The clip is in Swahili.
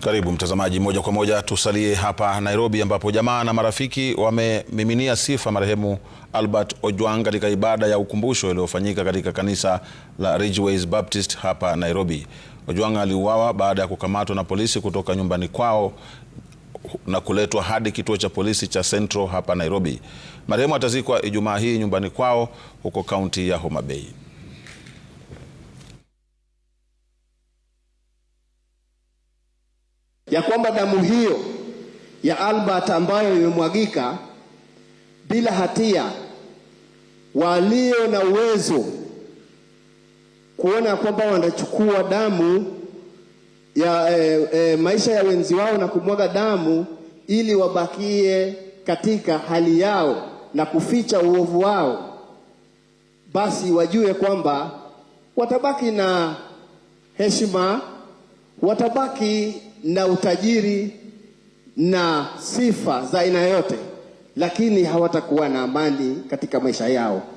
Karibu mtazamaji, moja kwa moja tusalie hapa Nairobi, ambapo jamaa na marafiki wamemiminia sifa marehemu Albert Ojwang katika ibada ya ukumbusho iliyofanyika katika kanisa la Ridgeways Baptist hapa Nairobi. Ojwang aliuawa baada ya kukamatwa na polisi kutoka nyumbani kwao na kuletwa hadi kituo cha polisi cha Central hapa Nairobi. Marehemu atazikwa Ijumaa hii nyumbani kwao huko kaunti ya Homa Bay. ya kwamba damu hiyo ya Albert ambayo imemwagika bila hatia, walio na uwezo kuona kwamba wanachukua damu ya eh, eh, maisha ya wenzi wao na kumwaga damu ili wabakie katika hali yao na kuficha uovu wao, basi wajue kwamba watabaki na heshima, watabaki na utajiri na sifa za aina yote lakini hawatakuwa na amani katika maisha yao.